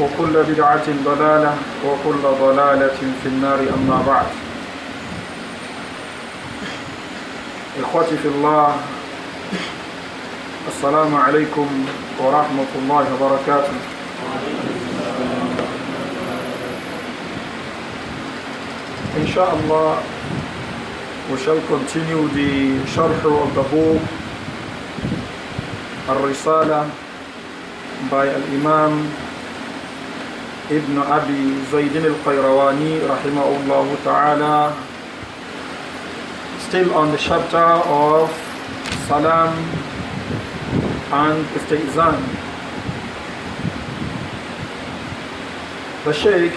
وكل بدعة ضلالة وكل ضلالة في النار أما بعد إخوتي في الله السلام عليكم ورحمة الله وبركاته إن شاء الله we shall continue the sharh of the book الرسالة risala by الإمام imam ابن أبي زيد القيرواني رحمه الله تعالى still on the chapter of Salam and Istizan the Sheikh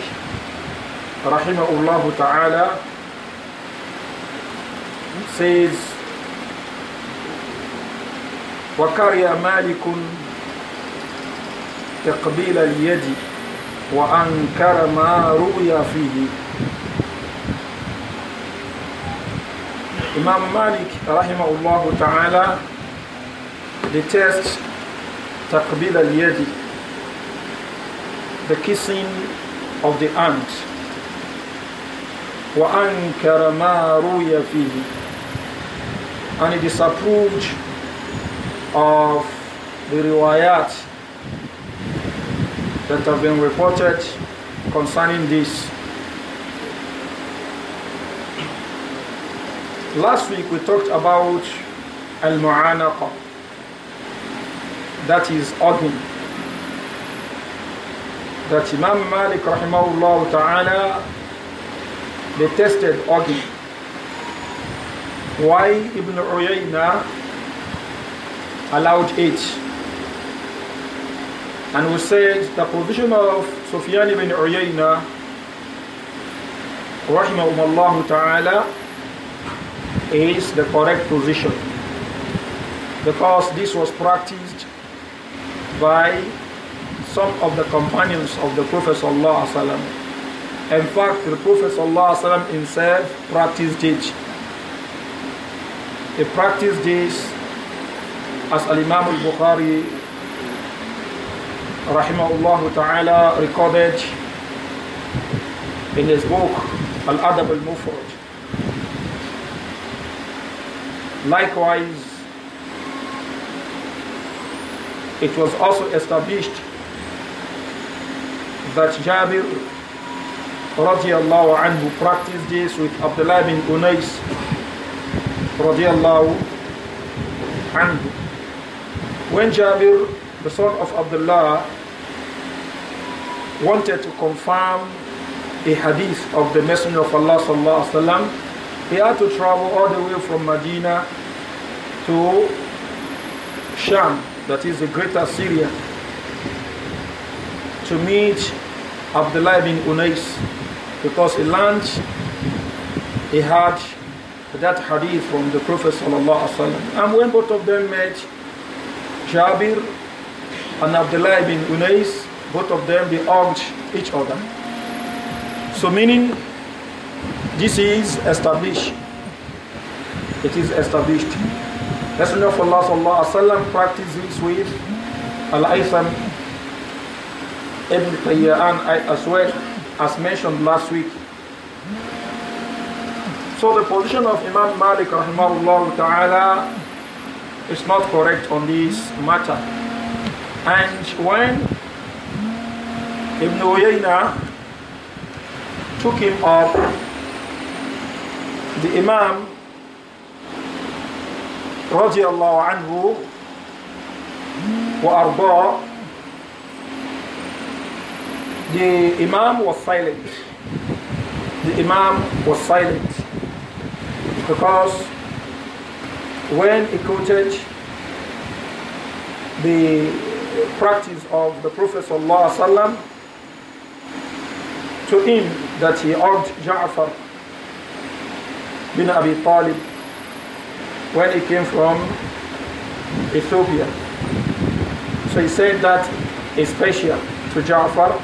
رحمه الله تعالى says وكره مالك تقبيل اليد وأنكر ما رؤي فيه Imam Malik rahimahullah ta'ala detests taqbil al-yadi the kissing of the hand وأنكر ما روي فيه and he disapproved of the riwayat that have been reported concerning this. Last week we talked about al-mu'anaqa, that is organ. That Imam Malik rahimahullah ta'ala detested organ. Why Ibn Uyayna allowed it? And we said the position of Sufyan ibn Uyayna rahimahullah ta'ala is the correct position because this was practiced by some of the companions of the Prophet sallallahu in fact, the Prophet ﷺ himself practiced it. He practiced this as Al Imam al Bukhari rahimahullah ta'ala recorded in his book Al-Adab al-Mufrad. Likewise, it was also established that Jabir radiallahu anhu practiced this with Abdullah bin Unais radiallahu anhu. When Jabir the son of Abdullah, wanted to confirm a hadith of the Messenger of Allah sallallahu alaihi wasallam. He had to travel all the way from Medina to Sham, that is the greater Syria, to meet Abdullah bin Unais because he learned he had that hadith from the Prophet sallallahu alaihi wasallam. And when both of them met, Jabir and Abdullah ibn Unais, both of them, they hugged each other. So meaning, this is established. It is established. Messenger of Allah sallallahu alaihi wasallam practices with Al-Aitham Ibn Tayyan as well as mentioned last week. So the position of Imam Malik rahimahullah ta'ala is not correct on this matter. And when Ibn Uyayna took him up, the Imam radiallahu anhu arba, The Imam was silent. The Imam was silent because when he quoted the practice of the Prophet ﷺ to him that he urged Ja'far bin Abi Talib when he came from Ethiopia. So he said that is special to Ja'far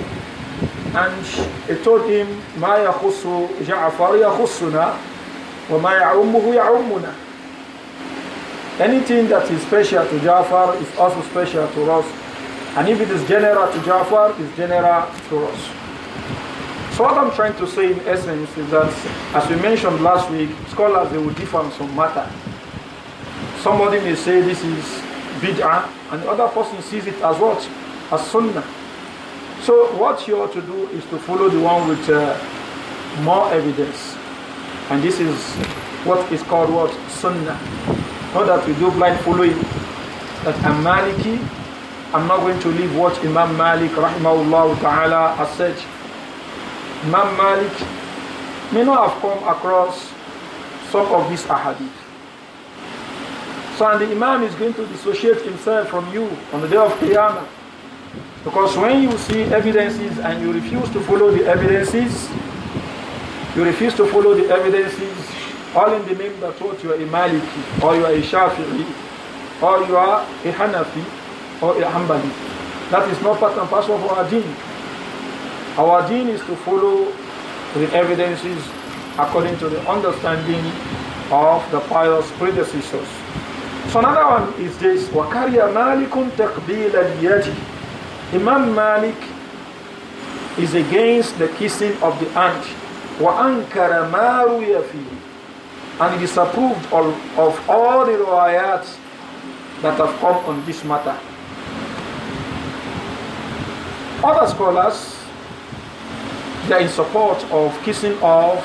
and he told him ما يخص جعفر يخصنا وما يعمه يعمنا anything that is special to Ja'far is also special to us and if it is general to Jafar, it's general to us. So what I'm trying to say in essence is that, as we mentioned last week, scholars, they will differ on some matter. Somebody may say this is bid'ah, and the other person sees it as what? As sunnah. So what you ought to do is to follow the one with uh, more evidence. And this is what is called what? Sunnah. Not that we do blind following. That i Maliki, I'm not going to leave what Imam Malik rahimahullah ta'ala has said. Imam Malik may not have come across some of these ahadith. So and the Imam is going to dissociate himself from you on the day of Qiyamah. Because when you see evidences and you refuse to follow the evidences, you refuse to follow the evidences, all in the name that taught you are a Maliki, or you are a Shafi'i, or you are a Hanafi, or a That is not part and parcel of our deen. Our deen is to follow the evidences according to the understanding of the pious predecessors. So another one is this وَكَرِيَ مَالِكٌ تَقْبِيلَ الْيَدِ Imam Malik is against the kissing of the hand. وَأَنْكَرَ مَا رُوِيَ فِيهِ And he disapproved of, of all the riwayats that have come on this matter other scholars, they are in support of kissing of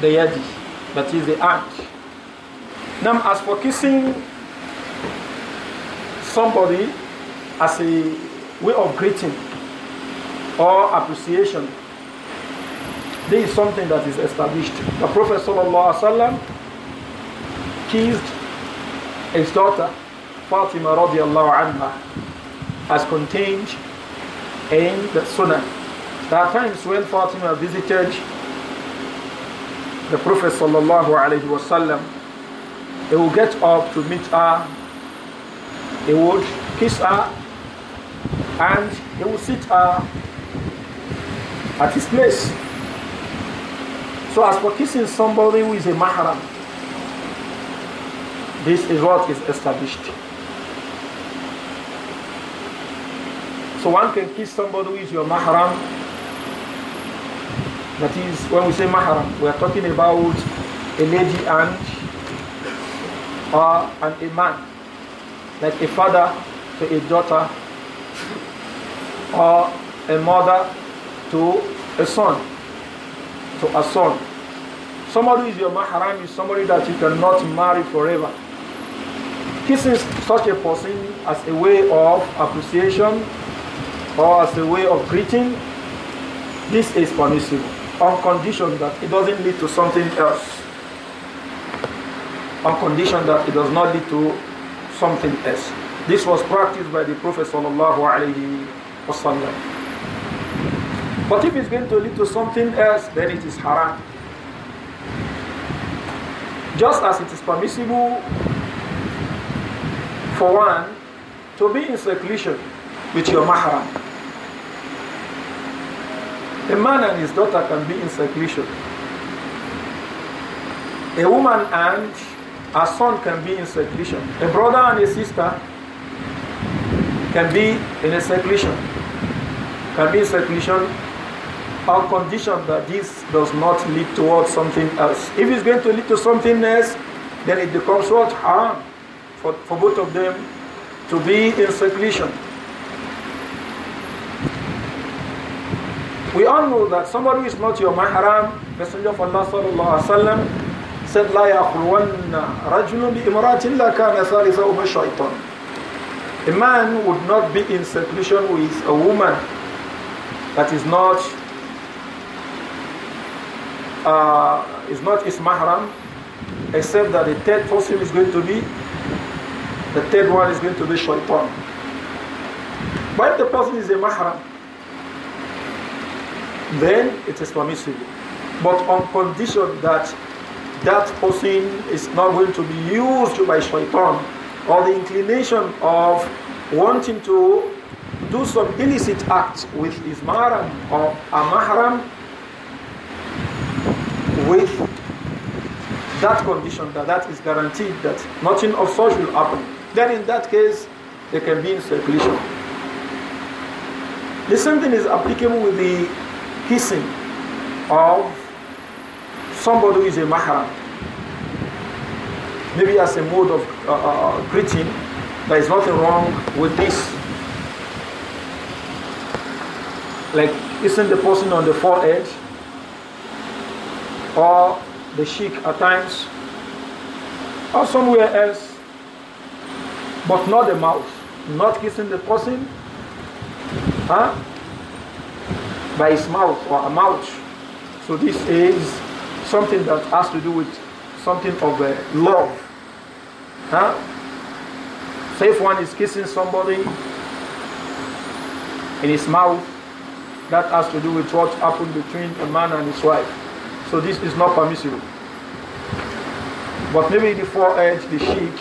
the yadi, that is the act. Now, as for kissing somebody as a way of greeting or appreciation, this is something that is established. The Prophet ﷺ kissed his daughter Fatima radiallahu anha as contained in the Sunnah. There are times when Fatima visited the Prophet sallallahu alaihi wasallam. He would get up to meet her. He would kiss her, and he would sit her at his place. So as for kissing somebody who is a mahram, this is what is established. So one can kiss somebody who is your mahram. That is, when we say mahram, we are talking about a lady and uh, and a man, like a father to a daughter, or a mother to a son, to a son. Somebody who is your mahram is somebody that you cannot marry forever. Kissing such a person as a way of appreciation or as a way of greeting, this is permissible on condition that it doesn't lead to something else. On condition that it does not lead to something else. This was practiced by the Prophet sallallahu alaihi wasallam. But if it's going to lead to something else, then it is haram. Just as it is permissible for one to be in seclusion with your mahram a man and his daughter can be in seclusion. A woman and a son can be in seclusion. A brother and a sister can be in a seclusion. Can be in seclusion on condition that this does not lead towards something else. If it's going to lead to something else, then it becomes what harm for, for both of them to be in seclusion. We all know that somebody who is not your mahram. Messenger of Allah sallallahu alaihi wasallam said, "La yakhluwanna rajulun bi imratin la kana A man would not be in seclusion with a woman that is not uh, is not his mahram, except that the third person is going to be the third one is going to be shaitan. But if the person is a mahram, then it is permissible. But on condition that that person is not going to be used by shaitan or the inclination of wanting to do some illicit act with his mahram or a mahram with that condition that that is guaranteed that nothing of such will happen. Then in that case, they can be in circulation. The same thing is applicable with the kissing of somebody who is a mahram. Maybe as a mode of uh, uh, uh greeting, there is nothing wrong with this. Like kissing the person on the forehead or the cheek at times or somewhere else, but not the mouth. Not kissing the person, huh? by his mouth or a mouth. So this is something that has to do with something of uh, love. Huh? Say if one is kissing somebody in his mouth, that has to do with what happened between a man and his wife. So this is not permissible. But maybe the forehead, the cheek,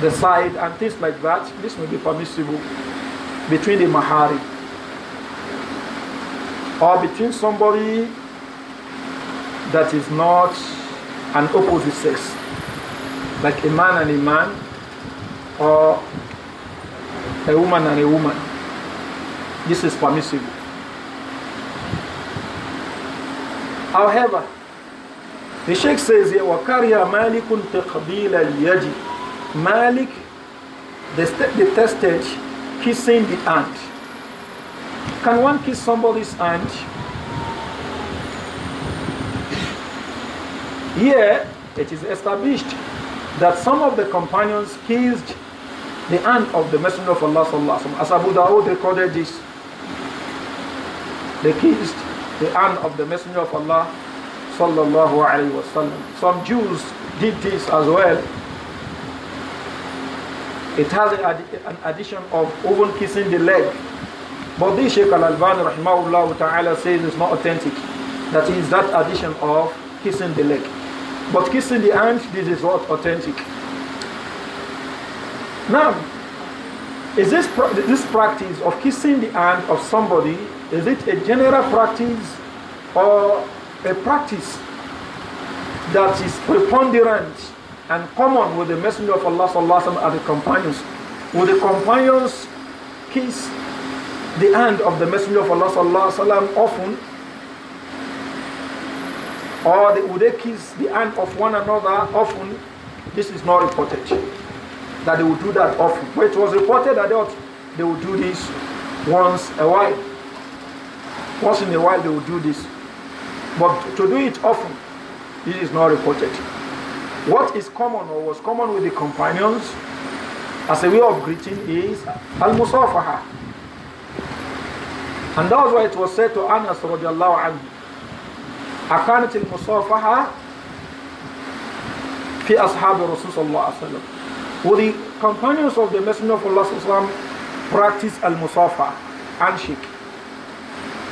the side, and things like that, this may be permissible between the mahari or between somebody that is not an opposite sex like a man and a man or a woman and a woman this is permissible however the sheikh says here وَكَرِيَ مَالِكٌ تَقْبِيلَ الْيَجِ Malik kissing the hand. Can one kiss somebody's hand? Here, it is established that some of the companions kissed the hand of the Messenger of Allah sallallahu As Abu Dawud recorded this, they kissed the hand of the Messenger of Allah sallallahu alaihi wasallam. Some Jews did this as well it has an addition of even kissing the leg. But this Sheikh Al-Albani rahimahullah ta'ala says it's not authentic. That is that addition of kissing the leg. But kissing the hand, this is what authentic. Now, is this, this practice of kissing the hand of somebody, is it a general practice or a practice that is preponderant and common with the Messenger of Allah sallallahu are the companions. With the companions kiss the hand of the Messenger of Allah sallallahu often, or they, would they kiss the hand of one another often? This is not reported that they would do that often. But it was reported that they would do this once a while. Once in a while they would do this. But to do it often, this is not reported. What is common or was common with the companions as a way of greeting is al musafaha. And that was why it was said to Anas radiallahu anhu, أكانت المصافحة في أصحاب الرسول صلى الله عليه وسلم. the companions of the Messenger of Allah صلى الله عليه وسلم practice al-musafaha, handshake?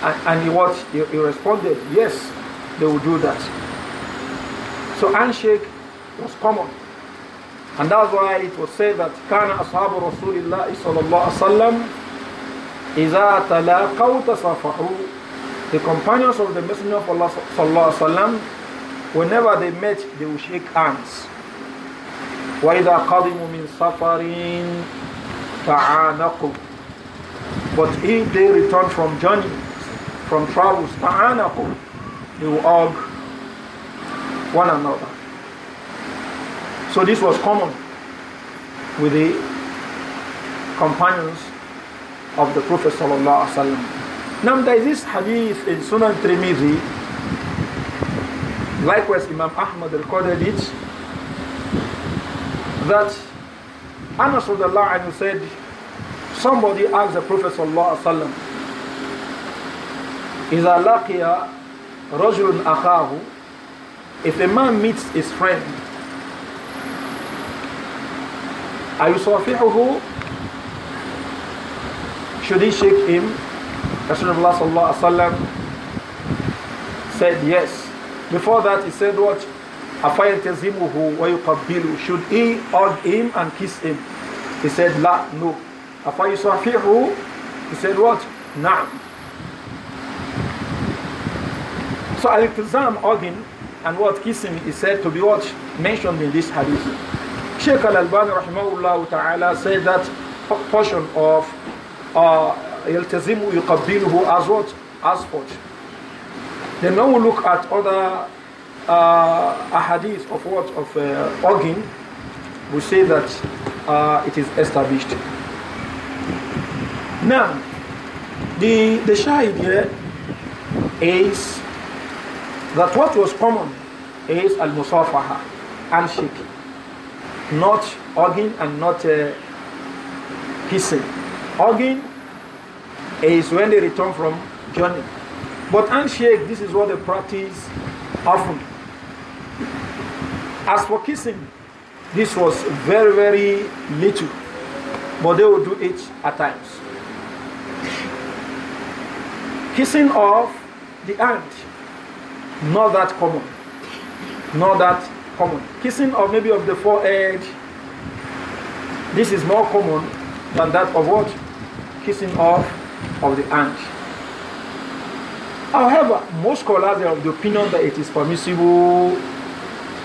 And, and he, what, he, he responded, yes, they will do that. So handshake was common. And that's why it was said that كان أصحاب رسول الله صلى الله عليه وسلم إذا تلاقوا تصافحوا The companions of the Messenger of Allah صلى الله عليه وسلم whenever they met they would shake hands. وإذا قدموا من سفر تعانقوا But if they return from journey, from travels, تعانقوا they will hug one another. So this was common with the companions of the Prophet sallallahu Now there is this hadith in Sunan Tirmidhi. Likewise, Imam Ahmad recorded it that Anas said, somebody asked the Prophet sallallahu alaihi wasallam, إذا لقي رجل أخاه if a man meets his friend أيصافحه Should he shake him? Rasulullah sallallahu alaihi wasallam said yes. Before that he said what? أفيلتزمه ويقبله Should he hug him and kiss him? He said لا no. أفيصافحه He said what? نعم. So al-iltizam hugging and what kissing is said to be what mentioned in this hadith. Sheikh Al-Albani rahimahullah ta'ala said that portion of يلتزم uh, يقبله as what? As what? Then now we look at other uh, ahadith of what? Of uh, organ, we say that uh, it is established. Now, the, the shahid here is that what was common is al-musafaha and shirk not hugging and not uh, kissing. Hugging is when they return from journey. But handshake, this is what they practice often. As for kissing, this was very, very little, but they would do it at times. Kissing of the hand, not that common, not that common. Kissing of maybe of the forehead, this is more common than that of what? Kissing of, of the hand. However, most scholars are of the opinion that it is permissible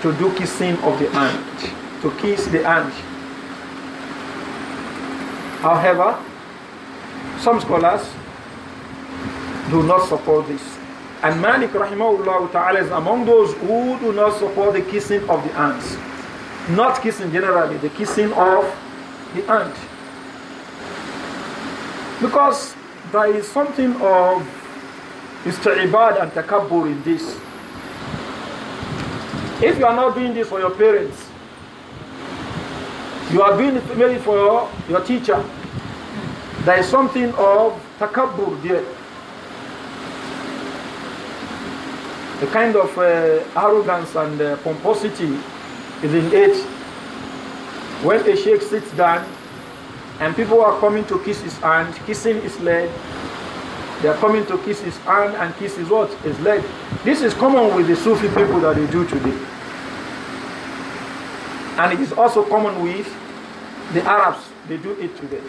to do kissing of the hand, to kiss the hand. However, some scholars do not support this. And Malik rahimahullah ta'ala is among those who do not support the kissing of the ants. Not kissing generally, the kissing of the ant. Because there is something of isti'ibad and takabbur in this. If you are not doing this for your parents, you are doing it maybe for your, your teacher. There is something of takabbur there. The kind of uh, arrogance and uh, pomposity is in it. When a sheikh sits down and people are coming to kiss his hand, kissing his leg, they are coming to kiss his hand and kiss his what? His leg. This is common with the Sufi people that they do today. And it is also common with the Arabs. They do it today.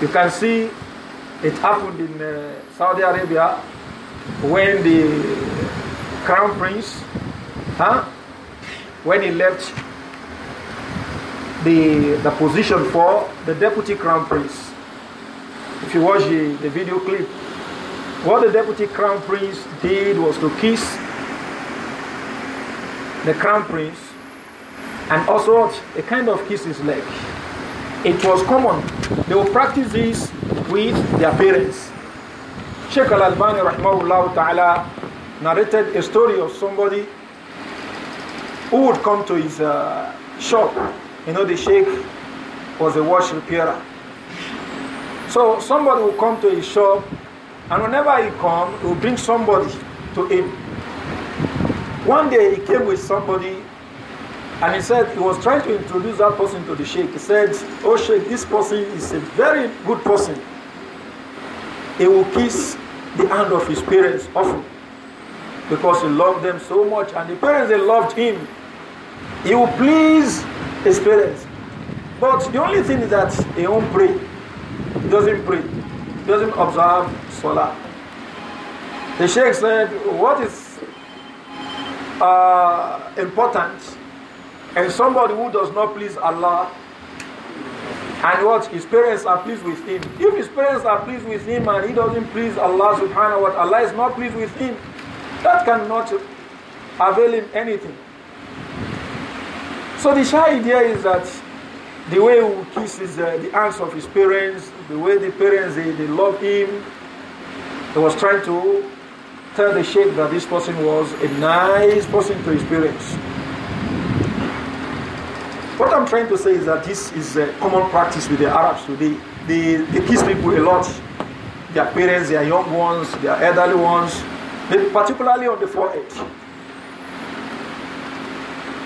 You can see it happened in uh, Saudi Arabia when the crown prince, huh, when he left the, the position for the deputy crown prince. If you watch the, the video clip, what the deputy crown prince did was to kiss the crown prince and also a kind of kiss his leg. It was common. They would practice this with their parents. Sheikh Al-Albani rahmahullah ta'ala narrated a story of somebody who would come to his uh, shop. You know, the Sheikh was a watch repairer. So somebody would come to his shop and whenever he come, he would bring somebody to him. One day he came with somebody and he said he was trying to introduce that person to the sheikh. He said, Oh sheikh, this person is a very good person. He will kiss the hand of his parents often because he loved them so much and the parents they loved him. He will please his parents. But the only thing is that he won't pray. He doesn't pray. He doesn't observe Salah. The Sheikh said, what is uh, important and somebody who does not please Allah and what? His parents are pleased with him. If his parents are pleased with him and he doesn't please Allah subhanahu wa ta'ala, is not pleased with him, that cannot avail him anything. So the shy idea is that the way he kisses uh, the hands of his parents, the way the parents they, they love him, he was trying to tell the sheikh that this person was a nice person to his parents trying to say is that this is a common practice with the Arabs today. They, they kiss people a lot. Their parents, their young ones, their elderly ones, particularly on the forehead.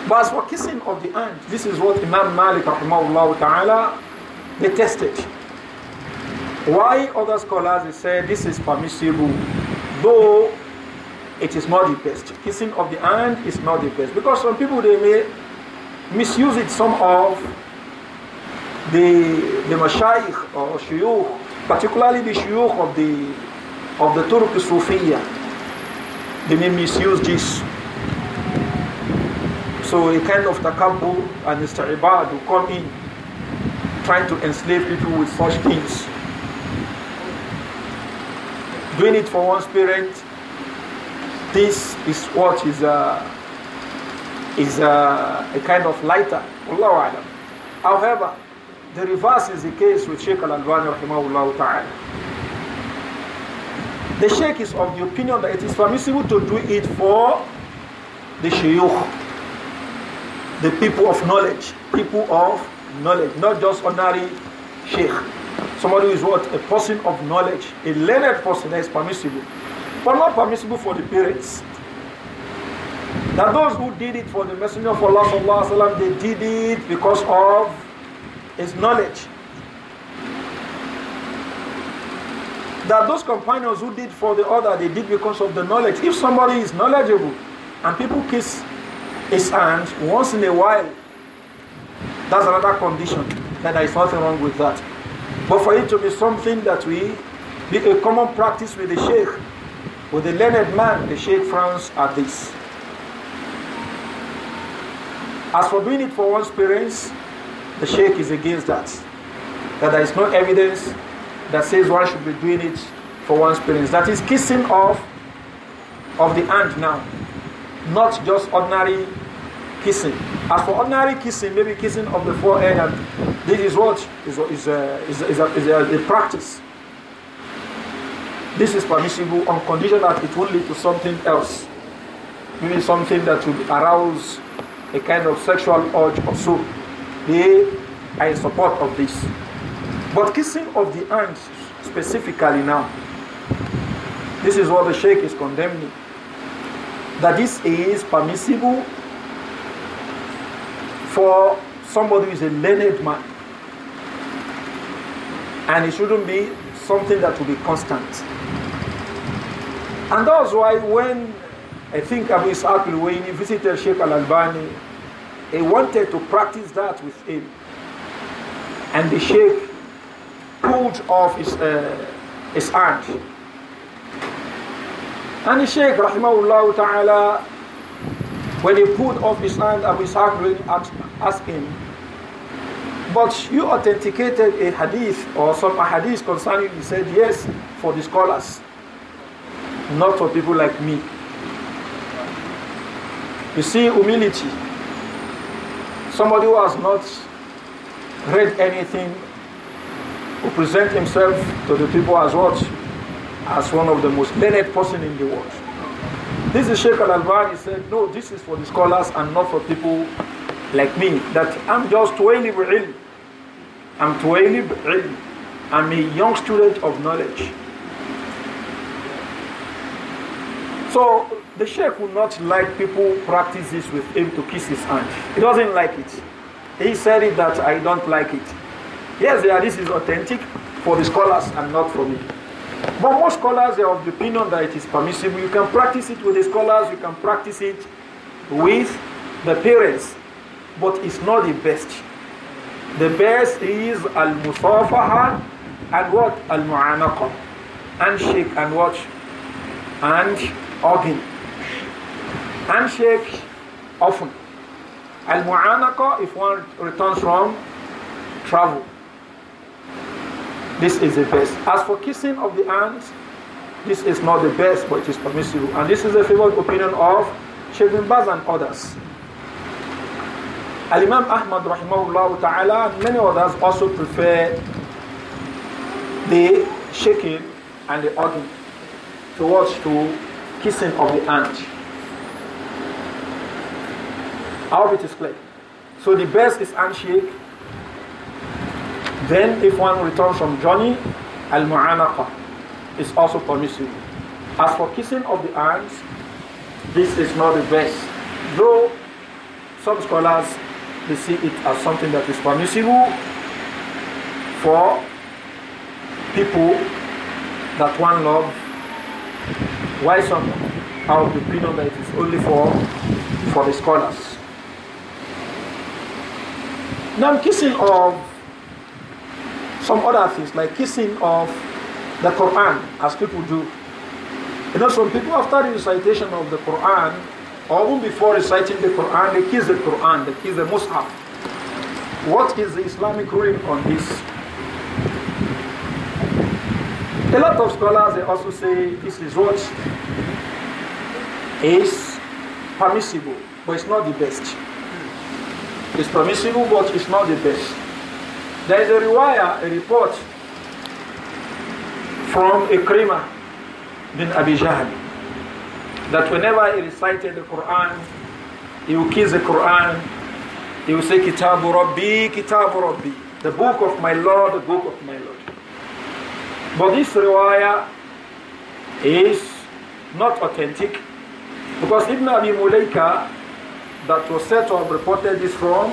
But as for kissing of the hand, this is what Imam Malik ta'ala detested. Why other scholars they say this is permissible, though it is not the best. Kissing of the hand is not the best. Because some people they may misused some of the the mashayikh or shuyukh, particularly the shuyukh of the of the Turk Sufiya. They may misuse this. So a kind of takabu and istibad will come in, trying to enslave people with such things. Doing it for one's parent, this is what is a uh, is a, a kind of lighter. Allahu Alam. However, the reverse is the case with Sheikh Al Albani rahimahullah ta'ala. The Sheikh is of the opinion that it is permissible to do it for the Shayukh, the people of knowledge, people of knowledge, not just ordinary Sheikh. Somebody who is what? A person of knowledge, a learned person that is permissible, but not permissible for the parents. That those who did it for the Messenger of Allah sallallahu they did it because of his knowledge. That those companions who did for the other, they did because of the knowledge. If somebody is knowledgeable and people kiss his hand once in a while, that's another condition. That there is nothing wrong with that. But for it to be something that we be a common practice with the sheikh, with the learned man, the sheikh frowns at this. As for doing it for one's parents, the Sheikh is against that. That there is no evidence that says one should be doing it for one's parents. That is kissing off of the hand now, not just ordinary kissing. As for ordinary kissing, maybe kissing of the forehead, and this is what is, is, a, uh, is, a, is, a, is a, a practice. This is permissible on condition that it will lead to something else, maybe something that will arouse a kind of sexual urge or so. They are in support of this. But kissing of the hands, specifically now, this is what the Sheikh is condemning. That this is permissible for somebody who is a learned man. And it shouldn't be something that will be constant. And that's why when I think Abu Ishaq when he visited Sheikh al-Albani. He wanted to practice that with him. And the Sheikh pulled off his, uh, his hand. And the Sheikh, rahimahullah ta'ala, when he pulled off his hand, Abu Ishaq really asked, asked him, but you authenticated a hadith or some hadith concerning, he said, yes, for the scholars, not for people like me. You see, humility. Somebody who has not read anything who present himself to the people as what? As one of the most learned person in the world. This is Sheikh Al-Albani said, no, this is for the scholars and not for people like me. That I'm just Tuwailib ilm. I'm Tuwailib ilm. I'm a young student of knowledge. So the sheikh would not like people practice this with him to kiss his hand. He doesn't like it. He said it that I don't like it. Yes, yeah, this is authentic for the scholars and not for me. But most scholars are of the opinion that it is permissible. You can practice it with the scholars, you can practice it with the parents, but it's not the best. The best is al musafaha and what al mu'anaqa and shake and watch and hugging handshake often. Al mu'anaka if one returns from travel. This is the best. As for kissing of the hands, this is not the best, but it is permissible. And this is the favorite opinion of Sheikh bin Baz and others. Al Imam Ahmad rahimahullah ta'ala and many others also prefer the shaking and the hugging towards to kissing of the hands our bit it is clear. So the best is handshake. Then if one returns from journey, al-mu'anaqa is also permissible. As for kissing of the hands, this is not the best. Though some scholars they see it as something that is permissible for people that one love. Why some are of the opinion that it is only for for the scholars. Now, kissing of some other things, like kissing of the Quran, as people do. You know, some people, after the recitation of the Quran, or even before reciting the Quran, they kiss the Quran, they kiss the Mus'haf. What is the Islamic ruling on this? A lot of scholars they also say this is what is permissible, but it's not the best. It's permissible, but it's not the best. There is a riwayah, a report from krima bin Abi that whenever he recited the Quran, he would kiss the Quran, he would say, Kitabu Rabbi, Kitabu Rabbi, the book of my Lord, the book of my Lord. But this riwayah is not authentic because Ibn Abi Mulaika that was said to have reported this from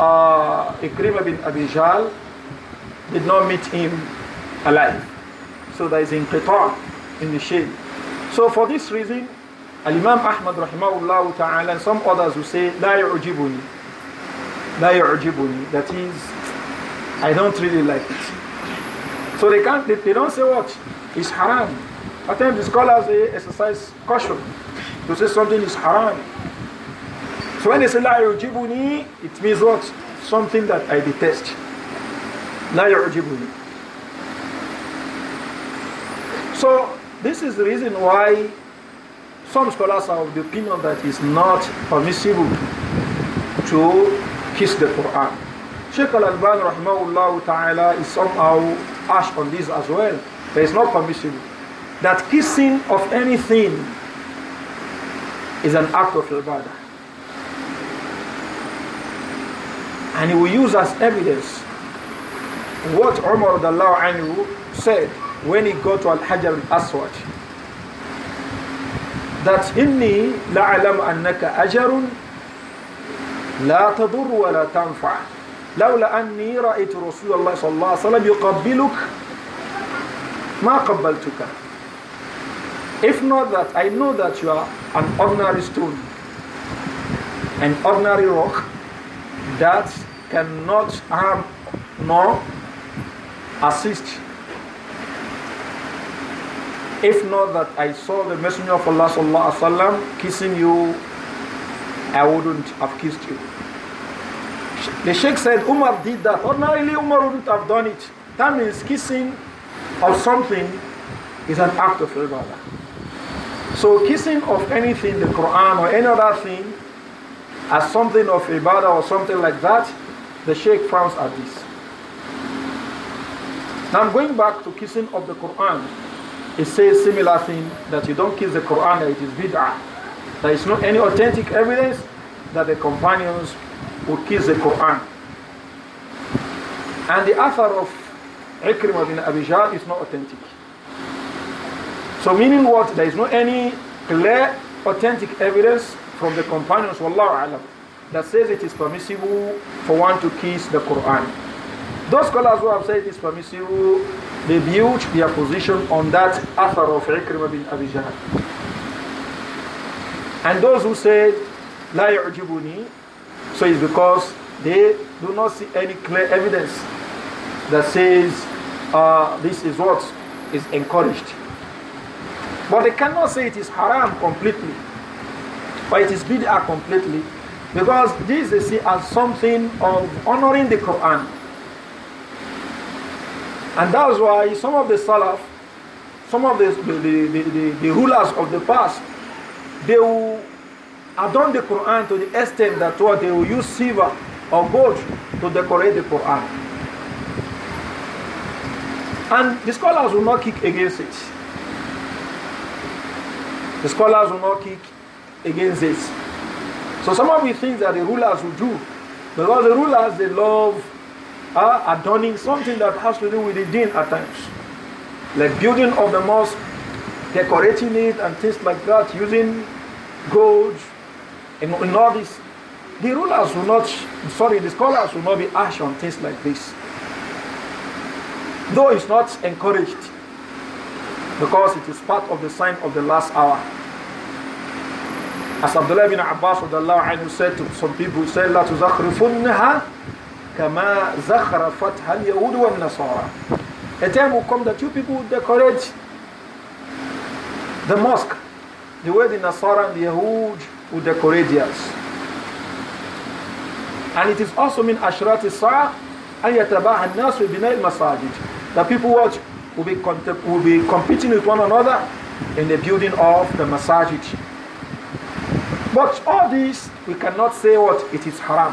uh, Ikrimah bin Abi did not meet him alive. So there is in Qitar, in the shade. So for this reason, Al-Imam Ahmad rahimahullah ta'ala and some others who say, لا يعجبني that is, I don't really like it. So they can't, they, they don't say what? It's haram. At times the scholars they exercise caution to say something is haram. So when they say La yujibuni, it means what? Something that I detest. La yujibuni. So this is the reason why some scholars are of the opinion that it's not permissible to kiss the Quran. Sheikh Al-Alban rahimahullah ta'ala is somehow ash on this as well. There is no permission That kissing of anything is an act of ibadah. and he will use as evidence what Umar anhu said when he got to Al-Hajar al-Aswad that inni la'alam annaka ajrun la tadur wa la tanfa lawla anni ra'aytu Rasulullah sallallahu alaihi wasallam yuqabbiluk ma qabbaltuka if not that I know that you are an ordinary stone an ordinary rock that cannot harm nor assist. If not that I saw the Messenger of Allah sallallahu alaihi wasallam kissing you, I wouldn't have kissed you. The Sheikh said Umar did that. Ordinarily, Umar wouldn't have done it. That means kissing of something is an act of ibadah. So kissing of anything, the Quran or any other thing, as something of ibadah or something like that, the sheikh frowns at this. Now I'm going back to kissing of the Quran. It says similar thing that you don't kiss the Quran, it is bid'ah. There is no any authentic evidence that the companions would kiss the Quran. And the author of Ikrimah bin Abijal is not authentic. So meaning what? There is no any clear authentic evidence from the companions, Wallahu alam, that says it is permissible for one to kiss the Quran. Those scholars who have said it is permissible, they built their position on that author of Ikrimah bin Abi Jahl. And those who said, La yu'jibuni, so it's because they do not see any clear evidence that says uh, this is what is encouraged. But they cannot say it is haram completely but it is bid'ah completely. Because this is see as something of honoring the Quran. And that's why some of the Salaf, some of the, the, the, the, the rulers of the past, they will adorn the Quran to the extent that what they will use silver or gold to decorate the Quran. And the scholars will not kick against it. The scholars will not kick against this. So some of the things that the rulers will do, because the rulers, they love uh, adorning something that has to do with the deen at times. Like building of the mosque, decorating it and things like that, using gold and, and all this. The rulers will not, sorry, the scholars will not be ash on things like this. Though it's not encouraged because it is part of the sign of the last hour. As Abdullah bin Abbas said to some people, say, لا تزخرفنها كما زخرفتها اليهود والنصارى. A time will come that you people will decorate the mosque the way the Nasara and the Yahud will decorate theirs. And it is also mean Ashrat sa'ah أن يتباع الناس بناء المساجد The people watch will be, will be competing with one another in the building of the masajid. But all this, we cannot say what? It is haram.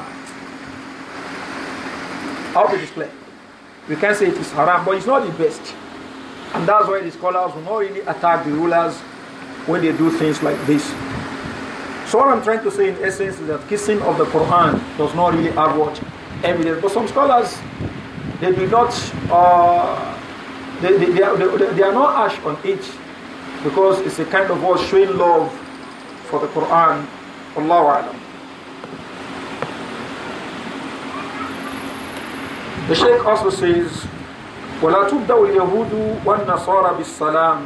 How to display? We can say it is haram, but it's not the best. And that's why the scholars will not really attack the rulers when they do things like this. So what I'm trying to say in essence is that kissing of the Quran does not really have what evidence. But some scholars, they do not, uh, they, they, they, they, are not ash on it because it's a kind of what showing love for the Quran. Allahu Alam. The Sheikh also says, ولا تبدأ اليهود والنصارى بالسلام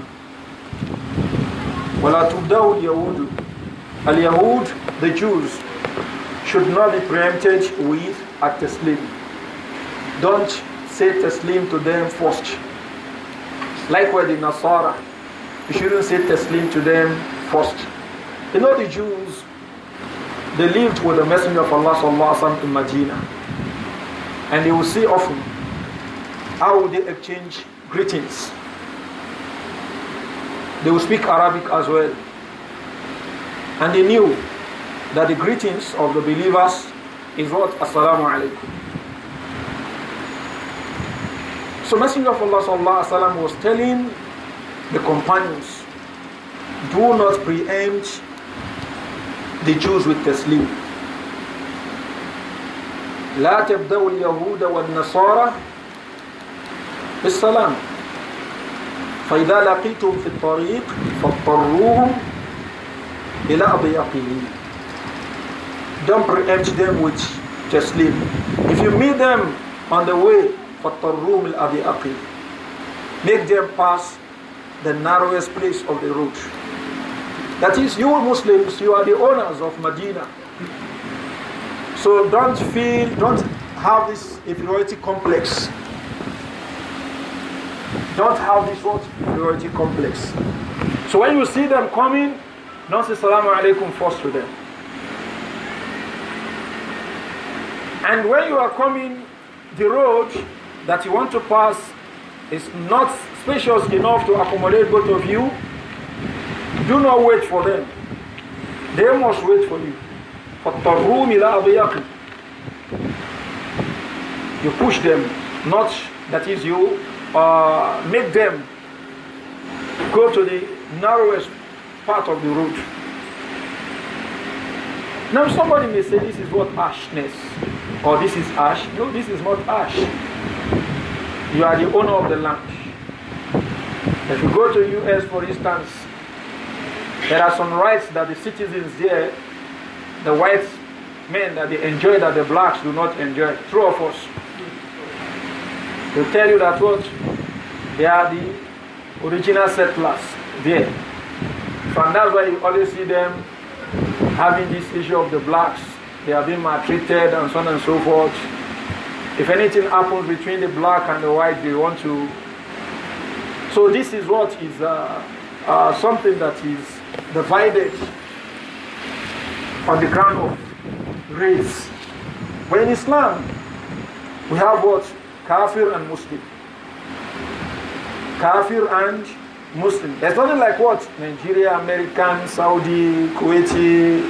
ولا تبدأ اليهود اليهود the Jews should not be preempted with a taslim don't say taslim to them first likewise the Nasara you shouldn't say taslim to them first you know the Jews, they lived with the Messenger of Allah sallallahu alaihi wasallam in Medina. And you will see often how they exchange greetings. They will speak Arabic as well. And they knew that the greetings of the believers is what? Assalamu alaikum. So Messenger of Allah sallallahu alaihi wasallam was telling the companions, do not preempt they chose with لا تبدأوا اليهود والنصارى بالسلام فإذا لقيتم في الطريق فاضطروهم إلى أضيقهم Don't preempt them with تسليم If you meet them on the way فاضطروهم إلى أضيقهم Make them pass the narrowest place of the route That is, you Muslims, you are the owners of Medina. So don't feel, don't have this inferiority complex. Don't have this what? Inferiority complex. So when you see them coming, don't say Salamu Alaikum first to them. And when you are coming, the road that you want to pass is not spacious enough to accommodate both of you. Do not wait for them. They must wait for you. You push them, not that is you uh, make them go to the narrowest part of the road. Now somebody may say this is what ashness or this is ash. No, this is not ash. You are the owner of the land. If you go to US for instance there are some rights that the citizens there, the whites men that they enjoy that the blacks do not enjoy. True of us. They'll tell you that what? They are the original settlers there. So that's why you always see them having this issue of the blacks. They are being maltreated and so on and so forth. If anything happens between the black and the white, they want to. So this is what is uh, uh, something that is the divided on the ground of race. But in Islam, we have what? Kafir and Muslim. Kafir and Muslim. There's nothing like what? Nigeria, American, Saudi, Kuwaiti,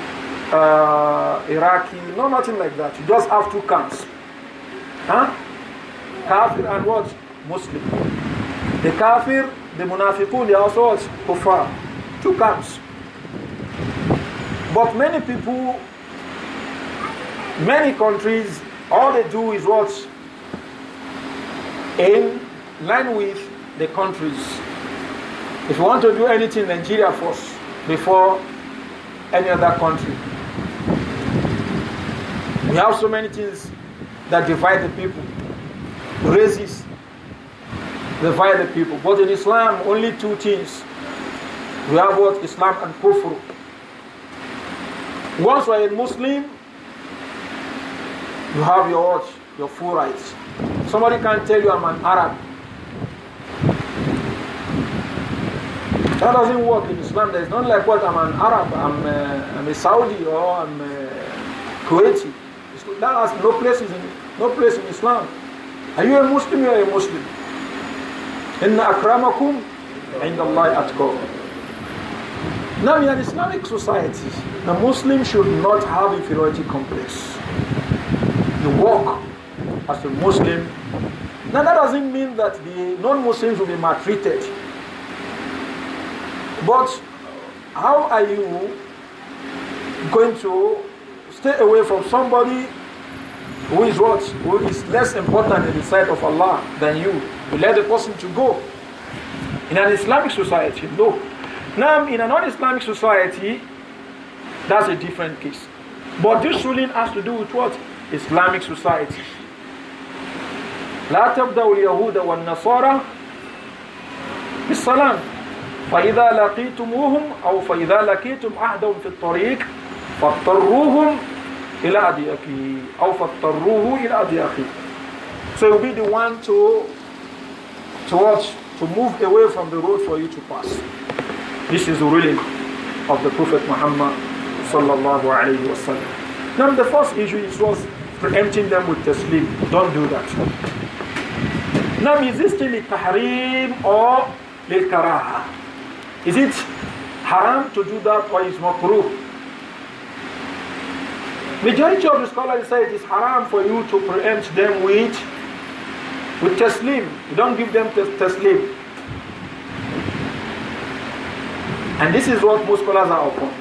uh, Iraqi. No, nothing like that. You just have two camps. Huh? Kafir and what? Muslim. The kafir, the munafiqun, they also what? Kuffar. Two camps. But many people, many countries, all they do is what? In line with the countries. If you want to do anything, Nigeria first before any other country. We have so many things that divide the people, races divide the people. But in Islam, only two things. We have what Islam and Kufr. Once you are a Muslim, you have your your full rights. Somebody can tell you I'm an Arab. That doesn't work in Islam. There's not like what I'm an Arab, I'm a, uh, I'm a Saudi or I'm a uh, Kuwaiti. That has no place in no place in Islam. Are you a Muslim? You are a Muslim. إن in the الله أتقاكم. Now we are Islamic societies. The Muslim should not have inferiority complex. You walk as a Muslim. Now that doesn't mean that the non-Muslims will be maltreated. But how are you going to stay away from somebody who is what? Who is less important in the sight of Allah than you? You let the person to go. In an Islamic society, no. Now, in a non-Islamic society, that's a different case. But this ruling has to do with what? Islamic society. لا تبدأوا اليهود والنصارى بالسلام فإذا لقيتموهم أو فإذا لقيتم أحدهم في الطريق فاضطروهم إلى أدياكي أو فاضطروه إلى أدياكي So you'll be the one to to watch, to move away from the road for you to pass. This is the ruling of the Prophet Muhammad sallallahu alayhi wasallam. Now the first issue is was preempting them with the sleep. Don't do that. Now is this still tahrim or lil karaha? Is it haram to do that or is makruh? Majority of the scholars say it is haram for you to preempt them with with taslim. You don't give them taslim. And this is what most scholars are upon.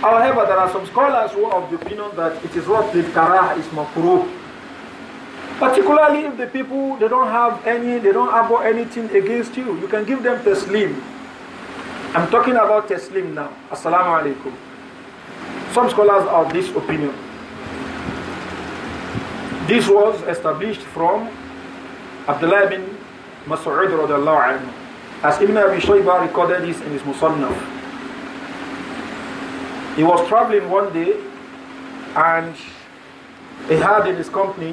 However, there are some scholars who are of the opinion that it is what the karah is makruh. Particularly if the people they don't have any, they don't have anything against you, you can give them taslim. I'm talking about taslim now. Assalamu alaikum. Some scholars are of this opinion. This was established from Abdullah bin Mas'ud as Ibn Abi Shayba recorded this in his Musannaf. He was traveling one day and he had in his company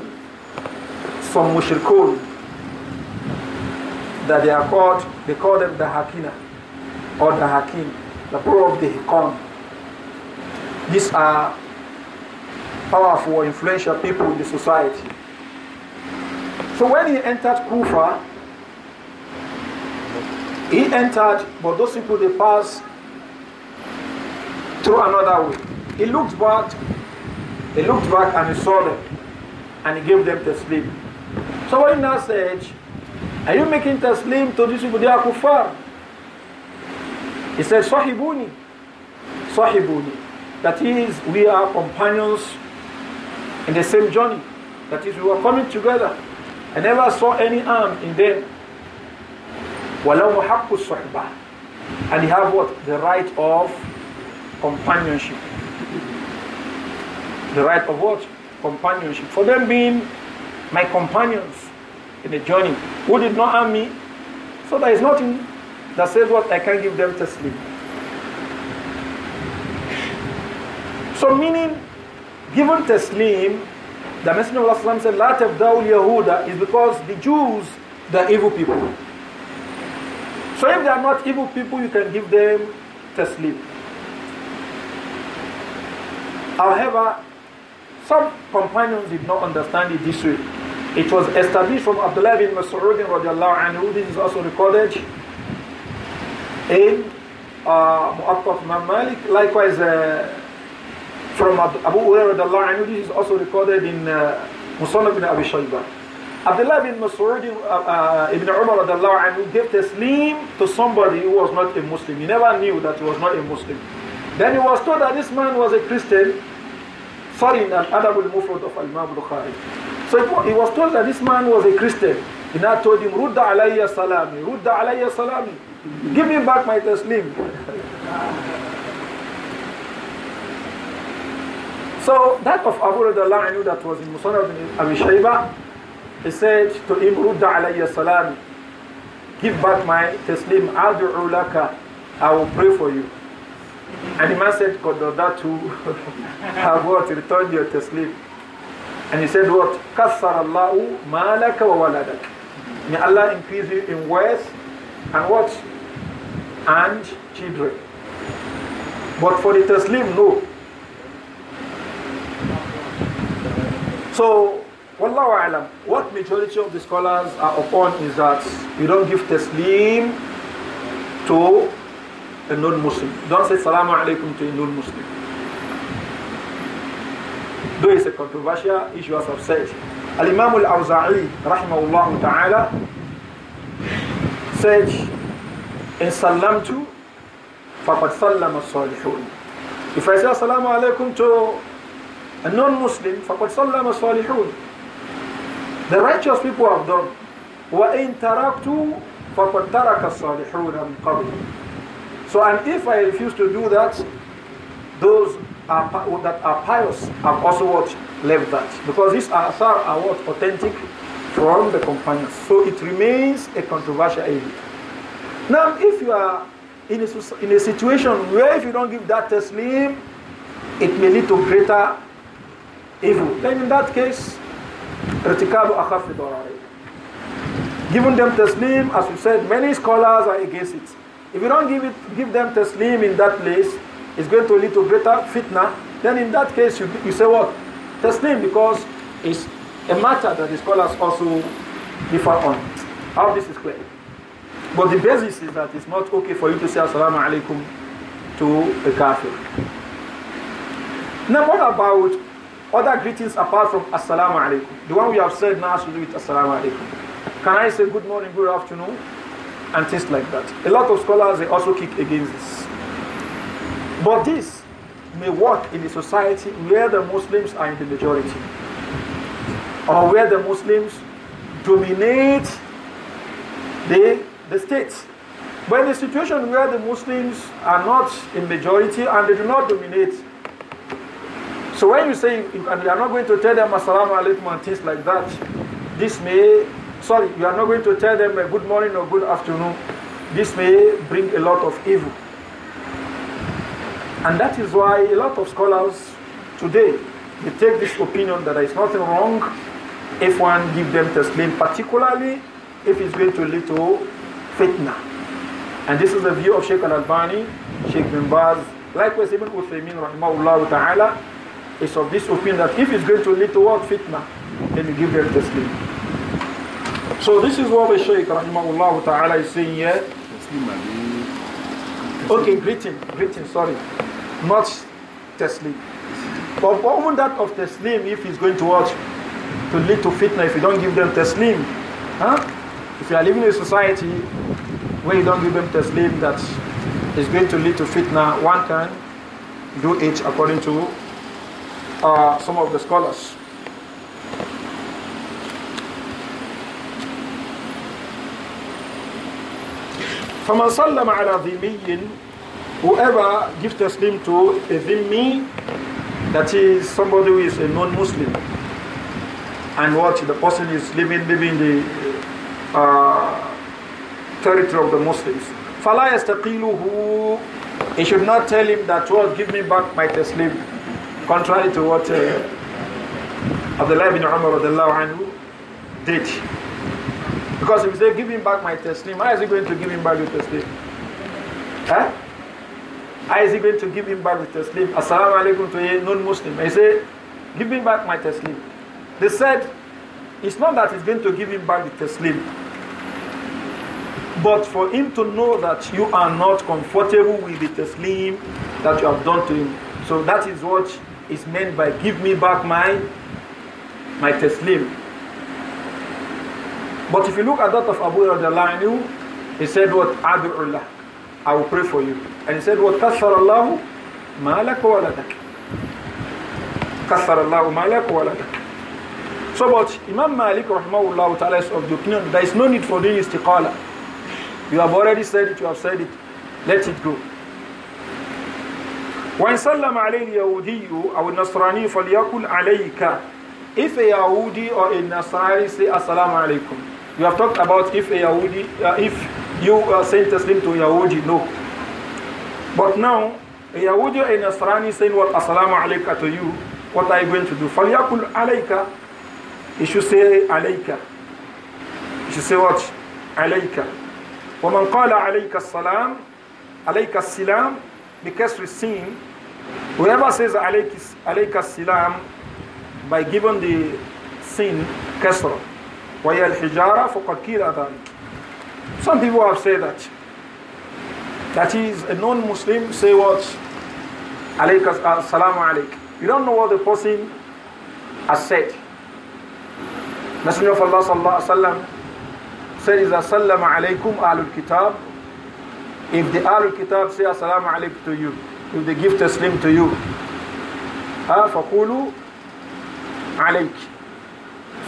some mushrikun that they are called, they call them the Hakina or the Hakim, the poor of the Hikam. These are powerful, influential people in the society. So when he entered Kufa, he entered, but those people they passed through another way. He looked back, he looked back and he saw them and he gave them So when that said, Are you making taslim to this people? They are kuffar. He said, Sahibuni. Sahibuni. That is, we are companions in the same journey. That is, we were coming together. I never saw any harm in them. وَلَوْ حَقُّ الصُّحْبَةِ And he have what? The right of companionship. The right of what? Companionship. For them being my companions in the journey who did not harm me. So there is nothing that says what I can give them to sleep. So meaning given to sleep, the Messenger of Allah said, La tabda'ul Yahuda is because the Jews, they're evil people. So if they are not evil people, you can give them to sleep." However, some companions did not understand it this way. It was established from Abdullah bin Mas'ud anhu. This is also recorded in uh, Mu'attaf Malik. Likewise, uh, from Abu Hurairah anhu. This is also recorded in uh, Musannaf bin Abi Shaybah. Abdullah bin Mas'ud uh, uh, ibn Umar anhu gave taslim to somebody who was not a Muslim. He never knew that he was not a Muslim. Then he was told that this man was a Christian, sorry, and Adabul Mufrad of Al Imam Bukhari. So he was told that this man was a Christian. He now told him, Rudda alayya salami, Rudda alayya salami. Give me back my taslim. so that of Abu Radallah, I knew that was in Musa bin Abi Shayba. He said to him, Rudda alayya salami. Give back my taslim. Adu'u laka. I will pray for you. And the man said, "God that Kododatu, have what? Returned you to sleep. And he said, What? Kassar Allahu malaka wa waladak. May Allah increase you in wealth and what? And children. But for the Taslim, no. So, Wallahu alam, what majority of the scholars are upon is that you don't give Taslim to a non-Muslim. Don't say Salaam alaikum to a non-Muslim. Though it's a controversial issue as I've said. Al-Imam al-Awza'i, rahimahullah ta'ala, said, In Salamtu, faqad sallam as-salihun. If I say Assalamu alaikum to a non-Muslim, faqad sallam as-salihun. The righteous people have done. وَإِن تَرَكْتُ فَقَدْ تَرَكَ الصَّالِحُونَ مِنْ قَبْلِ So, and if I refuse to do that, those are, that are pious have also what left that. Because these athar are what authentic from the companions. So it remains a controversial area. Now, if you are in a, in a situation where if you don't give that taslim, it may lead to greater evil. Then in that case, Given them taslim, as we said, many scholars are against it. If you don't give it, give them taslim in that place, it's going to lead to greater fitna. Then in that case, you, you say what? Taslim because it's a matter that the scholars also differ on. How this is clear. But the basis is that it's not okay for you to say assalamu alaikum to a kafir. Now what about other greetings apart from assalamu alaikum? The one we have said now is do with assalamu alaikum. Can I say good morning, good afternoon? and things like that. A lot of scholars they also kick against this. But this may work in a society where the Muslims are in the majority or where the Muslims dominate the, the state. But in a situation where the Muslims are not in majority and they do not dominate, so when you say, and you are not going to tell them assalamu alaikum and things like that, this may Sorry, you are not going to tell them a good morning or good afternoon. This may bring a lot of evil. And that is why a lot of scholars today they take this opinion that there is nothing wrong if one give them taslim, particularly if it's going to lead to fitna. And this is the view of Sheikh Al-Albani, Sheikh bin Baz, likewise Ibn Uthaymin rahimahullah ta'ala, is of this opinion that if it's going to lead to what fitna, then you give them taslim. So this is what the Shaykh Rahimahullah Ta'ala is saying here. Okay, greeting, greeting, sorry. Not Teslim. But even that of Teslim, if he's going to watch, to lead to fitna, if you don't give them Teslim, huh? if you are living in a society where you don't give them Teslim, that is going to lead to fitna, one can do it according to uh, some of the scholars. فَمَنْ سَلَّمَ عَلَى ذِمِّيٍّ Whoever gives taslim to a dhimmi, that is somebody who is a non-Muslim, and what the person is living, living the uh, territory of the Muslims. فَلَا يَسْتَقِيلُهُ He should not tell him that, well, give me back my taslim, contrary to what uh, Abdullah ibn Umar did. Because if you say, give him back my Why how is he going to give him back the teslim? Huh? How is he going to give him back the taslim? Assalamu alaikum to a non-Muslim. I said, give him back my taslim." They said, it's not that he's going to give him back the taslim, But for him to know that you are not comfortable with the taslim that you have done to him. So that is what is meant by give me back my my taslim." But if you look at that of Abu Radallahu, he said what Adu'ullah, I will pray for you. And he said what Kasarallahu malak wa ladak. Kasarallahu malak wa ladak. So but Imam Malik rahmahullah ta'ala is of the opinion there is no need for doing istiqala. You have already said it, you have said it, let it go. When وإن alayhi, عليه اليهودي Nasrani for Ya'kul alayka. if a Yahudi or a Nasrani say Assalamu alaikum you have talked about if a Yahudi, uh, if you uh, send a Taslim to Yahudi, no. But now, a Yahudi or a Nasrani saying what Assalamu alaikum to you, what are you going to do? Falyakul alaika, You should say alaika. You should say what? Alayka. ومن قال عليك السلام عليك السلام بكسر السين whoever says عليك عليك السلام by giving the sin كسره وهي الحجارة كيل أذان. Some people have said that. That is, a non-Muslim say what? عليك as-salamu alayk. You don't know what the person has said. Messenger of Allah sallallahu alaihi wasallam said, "Iza sallama alaykum ahlul kitab." If the ahlul kitab say assalamu عليك to you, if they give taslim to you, ah, faqulu عليك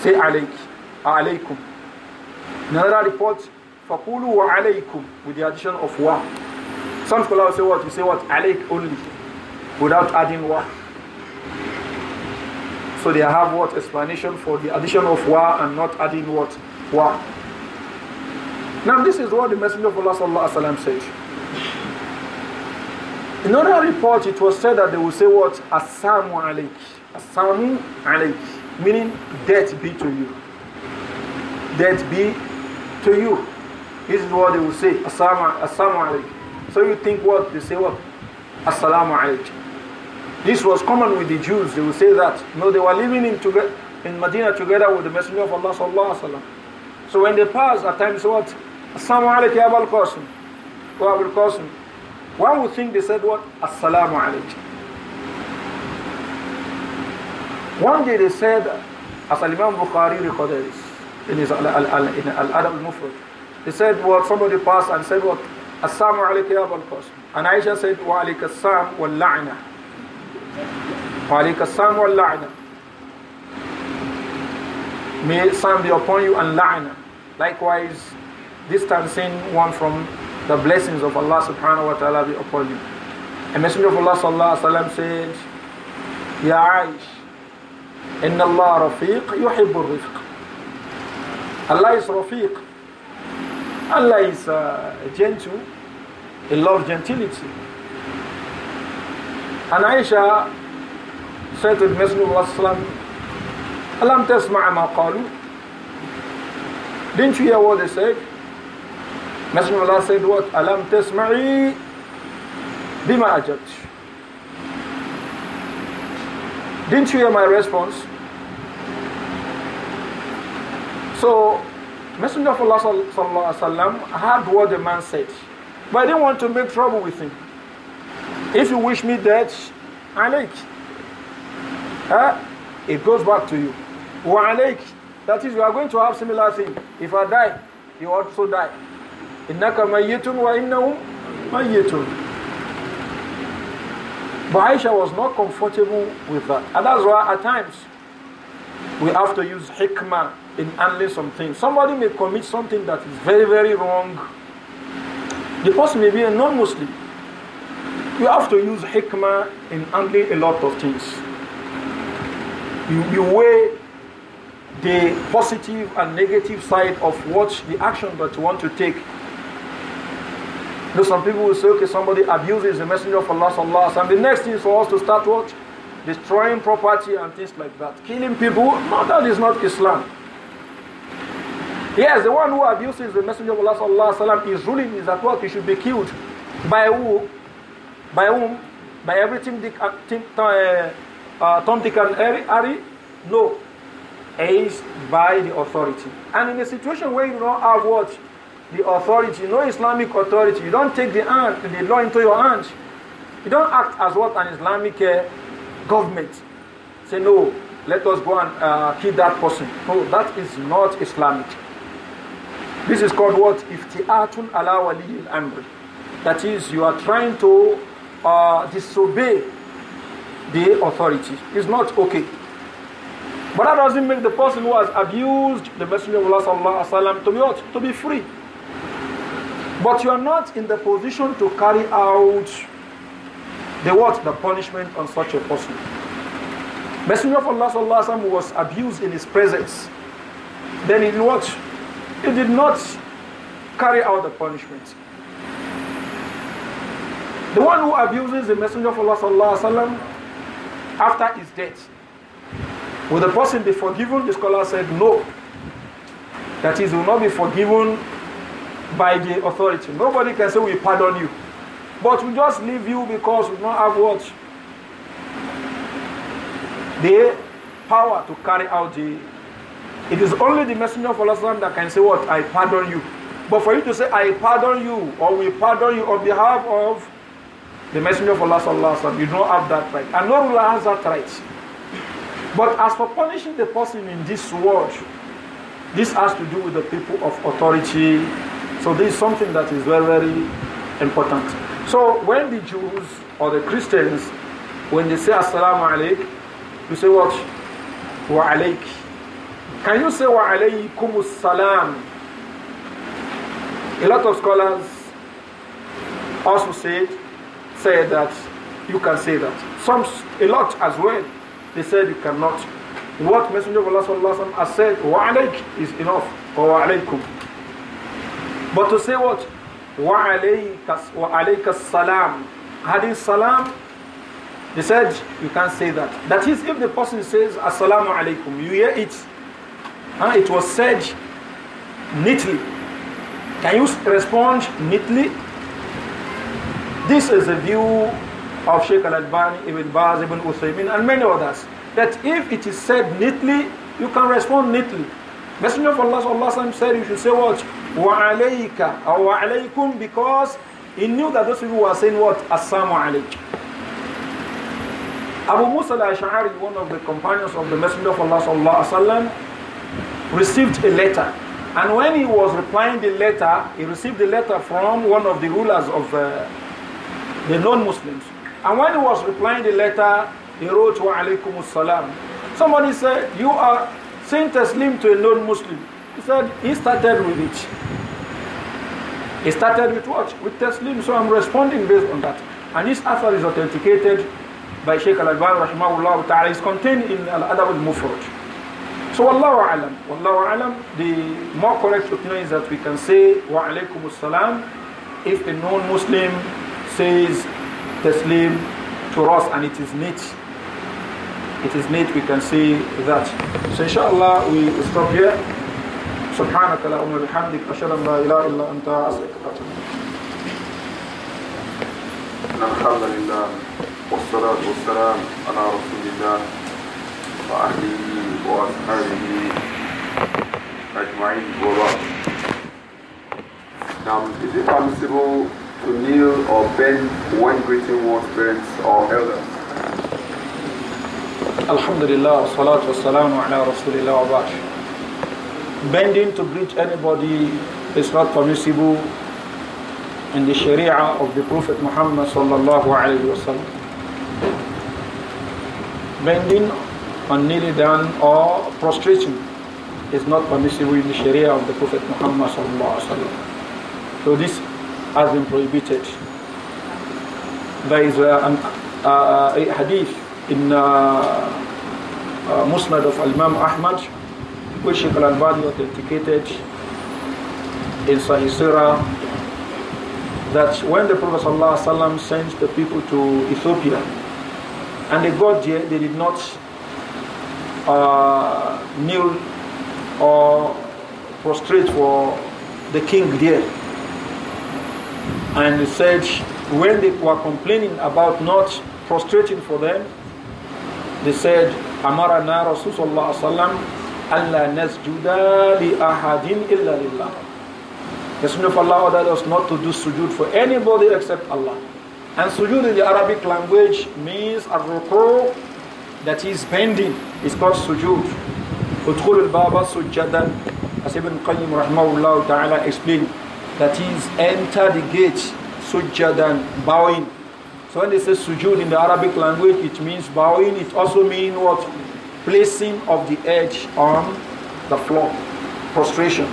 Say عليك Alaykum. in another report wa alaykum, with the addition of wa some scholars say what you say what عليك only without adding wa so they have what explanation for the addition of wa and not adding what wa now this is what the messenger of Allah sallallahu said in other report, it was said that they will say what? Assamu alaik. Assamu alaik. Meaning, death be to you death be to you. This is what they will say. Assalamu, assalamu alaikum. So you think what? They say what? Assalamu alaikum. This was common with the Jews. They would say that. no, they were living in, toge- in Medina together with the Messenger of Allah sallallahu alaihi wasallam. So when they pass, at times what? Assalamu alaikum Abul Qasim. Abul Qasim. One would think they said what? Assalamu alaikum. One day they said, as Imam Bukhari recorded this, in his, in Al-Adab al-Mufrad. He said what somebody passed and said what? Assalamu alayka ya Abul Qasim. And Aisha said wa alayka assam wal la'na. Wa alayka assam wal la'na. May Sam be upon you and la'na. Likewise, distancing one from the blessings of Allah subhanahu wa ta'ala be upon you. A messenger of Allah sallallahu alayhi wa sallam said, Ya Aish, inna allah rafiq يحب rifq Allah is Rafiq. Allah is uh, gentle. He loves gentility. And Aisha said to the Messenger of Allah, Alam tasma'a ma Didn't you hear what they said? Messenger of Allah said what? Alam tasma'i bima ajat. Didn't you hear my response? So, Messenger of Allah sallallahu wasallam heard what the man said, but I didn't want to make trouble with him. If you wish me dead, alaik. Huh? It goes back to you. Wa alaik. That is, you are going to have similar thing. If I die, you also die. Innaka mayyitun wa innahum mayyitun. But Aisha was not comfortable with that. And that's why at times we have to use hikmah in handling something. Somebody may commit something that is very, very wrong. The person may be a non Muslim. We have to use hikmah in handling a lot of things. You, you weigh the positive and negative side of what the action that you want to take. Though some people will say, okay, somebody abuses the messenger of Allah, sallallahu and the next thing is for us to start what? destroying property and things like that, killing people. No, that is not Islam. Yes, the one who abuses the Messenger of Allah sallallahu is ruling is at work. he should be killed by who, by whom, by everything Dick, uh, uh, Tom, Dick, and Harry. No, is by the authority. And in a situation where you do not have what the authority, no Islamic authority, you don't take the hand, the law into your hands. You don't act as what an Islamic uh, government say no let us go and uh, kill that person no that is not islamic this is called what iftiatun ala wali amri that is you are trying to uh, disobey the authority it's not okay but that doesn't make the person who has abused the messenger of allah sallam, to be what to be free but you are not in the position to carry out the what? The punishment on such a person. Messenger of Allah sallallahu alaihi was abused in his presence. Then he what? He did not carry out the punishment. The one who abuses the Messenger of Allah sallallahu alaihi after his death, will the person be forgiven? The scholar said no. That is, will not be forgiven by the authority. Nobody can say we pardon you. But we just leave you because we don't have what? The power to carry out the. It is only the messenger of Allah that can say what? I pardon you. But for you to say, I pardon you, or we pardon you on behalf of the messenger of Allah, you don't have that right. And no ruler has that right. But as for punishing the person in this world, this has to do with the people of authority. So this is something that is very, very important. So when the Jews or the Christians, when they say Assalamu alaikum, you say what? Wa alaik. Can you say wa alaykum salam? A lot of scholars also said said that you can say that. Some a lot as well. They said you cannot. What Messenger of Allah sallallahu alaihi wasallam has said wa alaik is enough or wa Alaikum. But to say what وعليك السلام Hadith salam. he said you can't say that that is if the person says assalamu alaikum you hear it huh? it was said neatly can you respond neatly this is a view of Sheikh Al-Albani, Ibn Baz, Ibn Uthaymin and many others that if it is said neatly you can respond neatly Messenger of Allah, Allah said you should say what? وَعَلَيْكَ or وَعَلَيْكُمْ because he knew that those people were saying what? Assalamu alaikum. Abu Musa al-Ash'ari, one of the companions of the Messenger of Allah sallallahu alaihi received a letter. And when he was replying the letter, he received the letter from one of the rulers of uh, the non-Muslims. And when he was replying the letter, he wrote, Wa alaykum salam. Somebody said, you are saying taslim to a non-Muslim. He said he started with it. He started with what? With Taslim, so I'm responding based on that. And this author is authenticated by Sheikh Al-Albani rahimahullah ta'ala. It's contained in Al-Adab al-Mufrad. So Wallahu alam, Wallahu alam, the more correct opinion is that we can say Wa alaikum assalam if a non-Muslim says Taslim to us and it is neat. It is neat, we can say that. So inshallah we stop here. سبحانك اللهم وبحمدك أشهد أن لا إله إلا أنت أستغفرك وأتوب الحمد لله والصلاة والسلام على رسول الله وأهله وأصحابه أجمعين وبعد Now, is it permissible to kneel or bend when greeting one's parents or elders? الحمد لله والصلاة والسلام على رسول الله وبعد bending to greet anybody is not permissible in the Sharia of the Prophet Muhammad sallallahu alaihi wasallam. Bending on kneeling down or prostrating is not permissible in the Sharia of the Prophet Muhammad sallallahu alaihi wasallam. So this has been prohibited. There is a, uh, a, uh, a hadith in uh, uh, Musnad of Imam Ahmad which Sheikh Al-Albani authenticated in Sahih Sirah that when the Prophet ﷺ sent the people to Ethiopia and they got there, they did not uh, kneel or prostrate for the king there. And they said, when they were complaining about not prostrating for them, they said, Amarana Rasulullah Allah nasjuda li ahadin illa lillah. The sunnah of Allah ordered us not to do sujud for anybody except Allah. And sujud in the Arabic language means a that is bending. It's called sujud. Udkhul al-baba sujadan. As Ibn Qayyim rahmahullah ta'ala explained, that is enter the gate sujadan, bowing. So when they say sujud in the Arabic language, it means bowing. It also means what? placing of the edge on the floor, prostration.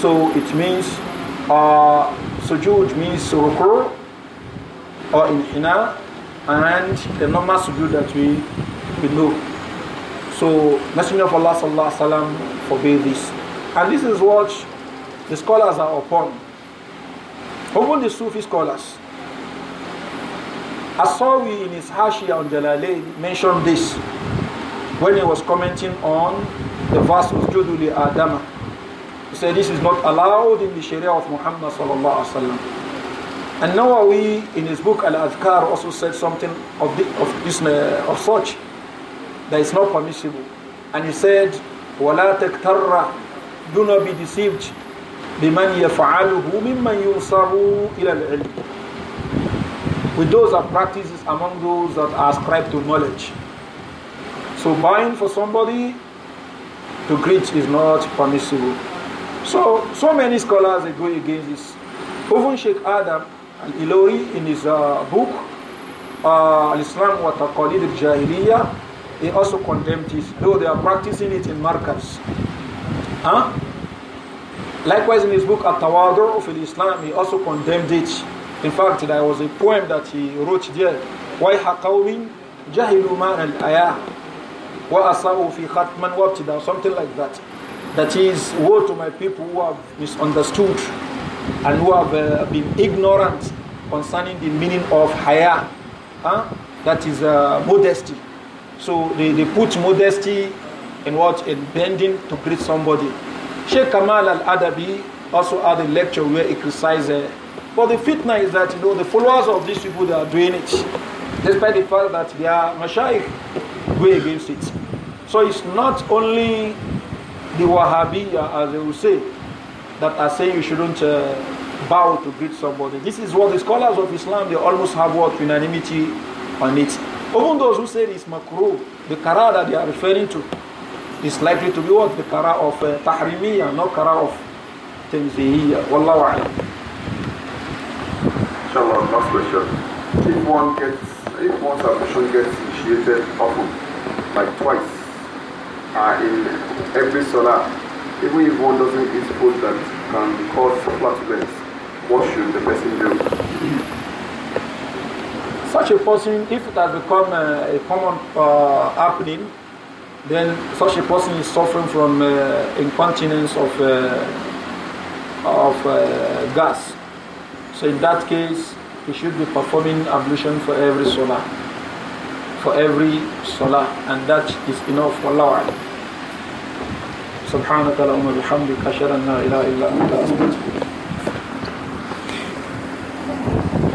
So it means uh, sujood means rukur or in inna and the normal sujood that we, we do. So Messenger of Allah sallallahu alaihi wasallam forbade this. And this is what the scholars are upon. Even the Sufi scholars. Asawi in his Hashia on Jalalain mentioned this when he was commenting on the verse of Juduli Adama. He said this is not allowed in the Sharia of Muhammad sallallahu alaihi wasallam. And Nawawi in his book al Azkar also said something of, the, of this uh, of such that is not permissible. And he said, وَلَا تَكْتَرَّ Do not be deceived بِمَنْ يَفْعَلُهُ مِمَّنْ يُنصَرُ إِلَى الْعِلْمِ With those are practices among those that are ascribed to knowledge. So buying for somebody to greet is not permissible. So, so many scholars are going against this. Even Sheikh Adam ilori in his uh, book, uh, Al-Islam wa Taqalid al-Jahiliyyah, he also condemned it, though they are practicing it in markets. Huh? Likewise, in his book At-Tawadur of Islam, he also condemned it. In fact, there was a poem that he wrote there, Why Hakawin Jahilu Man al-Ayah وَأَسَاءُوا Something like that. That is, woe to my people who have misunderstood and who have uh, been ignorant concerning the meaning of haya. Huh? That is uh, modesty. So they, they put modesty in what? In bending to greet somebody. Sheikh Kamal al-Adabi also had a lecture where he criticized uh, but the fitna is that you know the followers of these people that are doing it, despite the fact that they are mashayikh, go against it. So it's not only the Wahhabi, as they will say, that are saying you shouldn't uh, bow to greet somebody. This is what the scholars of Islam, they almost have what unanimity on it. Even those who say it's makruh, the kara that they are referring to, is likely to be what? The kara of uh, tahrimiyya, not kara of tanzihiyya. Wallahu a'lam. Inshallah, last question. If one gets, if one's ambition gets initiated often, like twice uh, in every solar. Even if one doesn't eat food that can cause flatulence, what should the person do? Such a person, if it has become uh, a common uh, happening, then such a person is suffering from uh, incontinence of, uh, of gas. So in that case, he should be performing ablution for every solar for every salah and that is enough for Allah سبحانك اللهم وبحمدك اشهد ان لا اله الا انت استغفرك